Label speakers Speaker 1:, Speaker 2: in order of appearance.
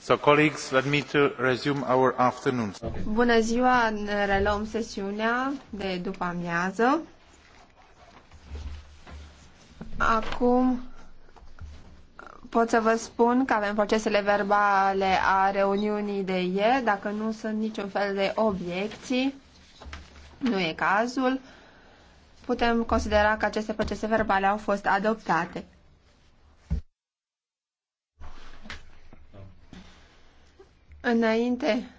Speaker 1: So, colleagues, let me to resume our afternoon.
Speaker 2: Bună ziua, ne reluăm sesiunea de după amiază. Acum pot să vă spun că avem procesele verbale a reuniunii de ieri, dacă nu sunt niciun fel de obiecții. Nu e cazul. Putem considera că aceste procese verbale au fost adoptate. Înainte